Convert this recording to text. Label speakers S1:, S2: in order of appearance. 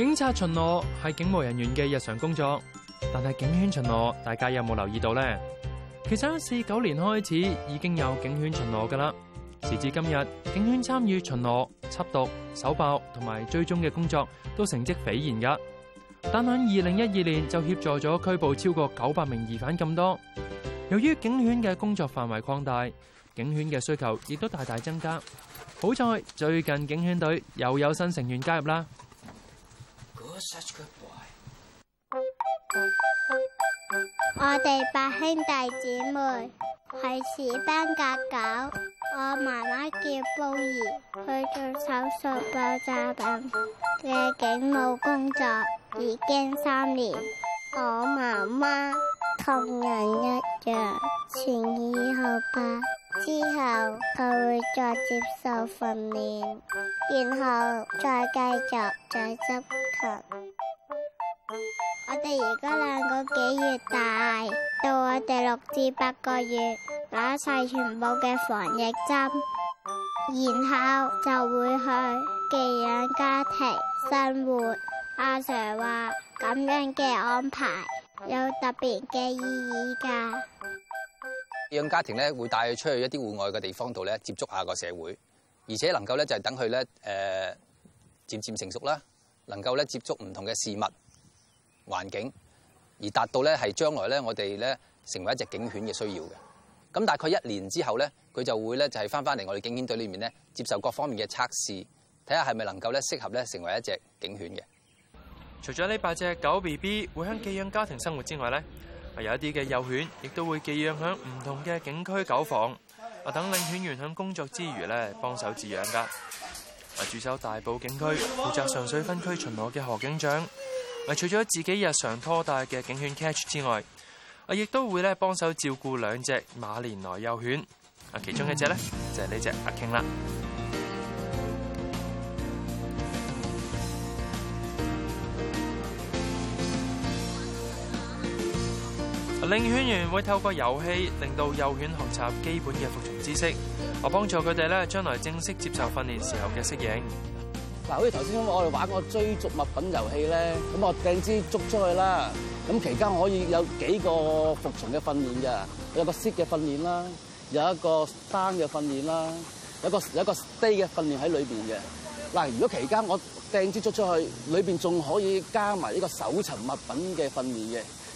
S1: 警察巡邏係警務人員嘅日常工作，但係警犬巡邏，大家有冇留意到呢？其實四九年開始已經有警犬巡邏噶啦。時至今日，警犬參與巡邏、緝毒、搜爆、同埋追蹤嘅工作都成績斐然噶。但喺二零一二年就協助咗拘捕超過九百名疑犯咁多。由於警犬嘅工作範圍擴大，警犬嘅需求亦都大大增加。好在最近警犬隊又有新成員加入啦。
S2: Such 我哋八兄弟姊妹係士班格狗。我媽媽叫布兒，佢做搜索爆炸品嘅警務工作，已經三年。我媽媽同人一樣，前以後吧，之後佢會再接受訓練，然後再繼續再執。我哋而家兩個幾月大，到我哋六至八個月打晒全部嘅防疫針，然後就會去寄養家庭生活。阿 Sir 話咁樣嘅安排有特別嘅意義噶。寄
S3: 養家庭咧會帶佢出去一啲戶外嘅地方度咧，接觸下個社會，而且能夠咧就係等佢咧誒，漸漸成熟啦。能夠咧接觸唔同嘅事物、環境，而達到咧係將來咧我哋咧成為一隻警犬嘅需要嘅。咁大概一年之後咧，佢就會咧就係返返嚟我哋警犬隊裏面咧，接受各方面嘅測試，睇下係咪能夠咧適合咧成為一隻警犬嘅。
S1: 除咗呢八隻狗 B B 會喺寄養家庭生活之外咧，有一啲嘅幼犬亦都會寄養喺唔同嘅警區狗房，啊等領犬員喺工作之餘咧幫手飼養噶。駐守大埔警區，負責上水分區巡邏嘅何警長，除咗自己日常拖帶嘅警犬 catch 之外，啊，亦都會咧幫手照顧兩隻馬連來幼犬，啊，其中一隻咧就係呢隻阿 King 啦。領犬員會透過遊戲令到幼犬學習基本嘅服從知識，我幫助佢哋咧將來正式接受訓練時候嘅適應。
S3: 嗱，好似頭先我哋玩個追逐物品遊戲呢，咁我掟支竹出去啦。咁期間可以有幾個服從嘅訓練嘅，有個